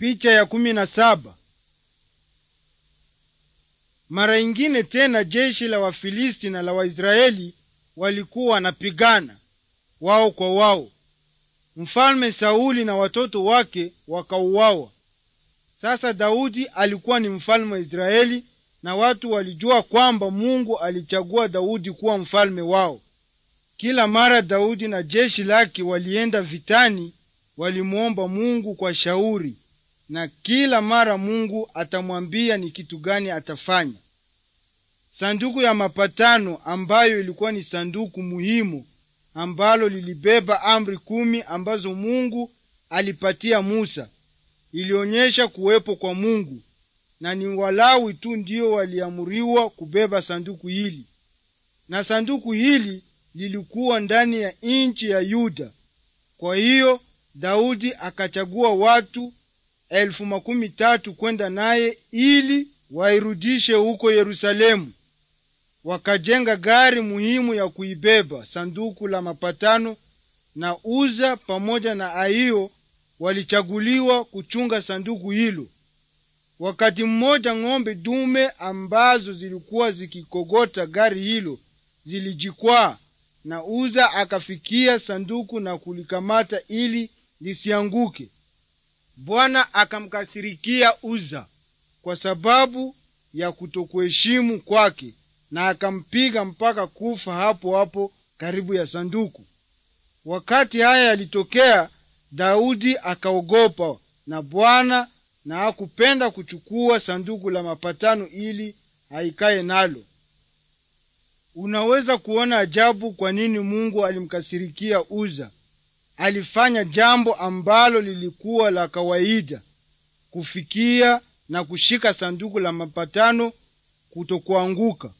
Picha ya kumi na saba. Mara nyingine tena jeshi la Wafilisti na la Waisraeli walikuwa wanapigana wao kwa wao. Mfalme Sauli na watoto wake wakauawa. Sasa Daudi alikuwa ni mfalme wa Israeli na watu walijua kwamba Mungu alichagua Daudi kuwa mfalme wao. Kila mara Daudi na jeshi lake walienda vitani, walimwomba Mungu kwa shauri na kila mara Mungu atamwambia ni kitu gani atafanya. Sanduku ya mapatano ambayo ilikuwa ni sanduku muhimu ambalo lilibeba amri kumi ambazo Mungu alipatia Musa ilionyesha kuwepo kwa Mungu, na ni Walawi tu ndio waliamuriwa kubeba sanduku hili, na sanduku hili lilikuwa ndani ya nchi ya Yuda. Kwa hiyo Daudi akachagua watu elfu makumi tatu kwenda naye ili wairudishe huko Yerusalemu. Wakajenga gari muhimu ya kuibeba sanduku la mapatano, na Uza pamoja na Aiyo walichaguliwa kuchunga sanduku hilo. Wakati mmoja ng'ombe dume ambazo zilikuwa zikikogota gari hilo zilijikwaa, na Uza akafikia sanduku na kulikamata ili lisianguke. Bwana akamkasirikia Uza kwa sababu ya kutokuheshimu kwake, na akampiga mpaka kufa hapo hapo karibu ya sanduku. Wakati haya yalitokea, Daudi akaogopa na Bwana na hakupenda kuchukua sanduku la mapatano ili aikae nalo. Unaweza kuona ajabu kwa nini Mungu alimkasirikia Uza alifanya jambo ambalo lilikuwa la kawaida, kufikia na kushika sanduku la mapatano kutokuanguka.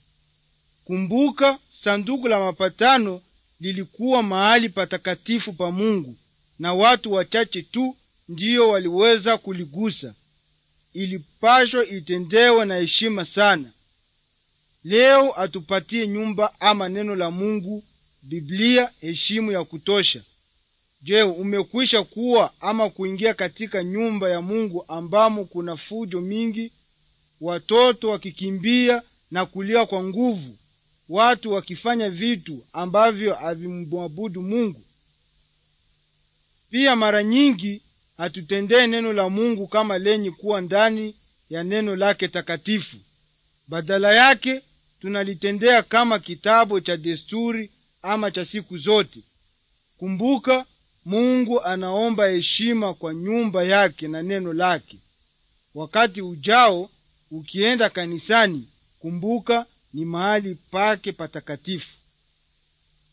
Kumbuka, sanduku la mapatano lilikuwa mahali patakatifu pa Mungu na watu wachache tu ndiyo waliweza kuligusa. Ilipashwa itendewe na heshima sana. Leo atupatie nyumba ama neno la Mungu, Biblia, heshimu ya kutosha. Je, umekwisha kuwa ama kuingia katika nyumba ya Mungu ambamo kuna fujo mingi, watoto wakikimbia na kulia kwa nguvu, watu wakifanya vitu ambavyo havimwabudu Mungu? Pia mara nyingi hatutendee neno la Mungu kama lenye kuwa ndani ya neno lake takatifu. Badala yake tunalitendea kama kitabu cha desturi ama cha siku zote. Kumbuka, Mungu anaomba heshima kwa nyumba yake na neno lake. Wakati ujao ukienda kanisani, kumbuka ni mahali pake patakatifu.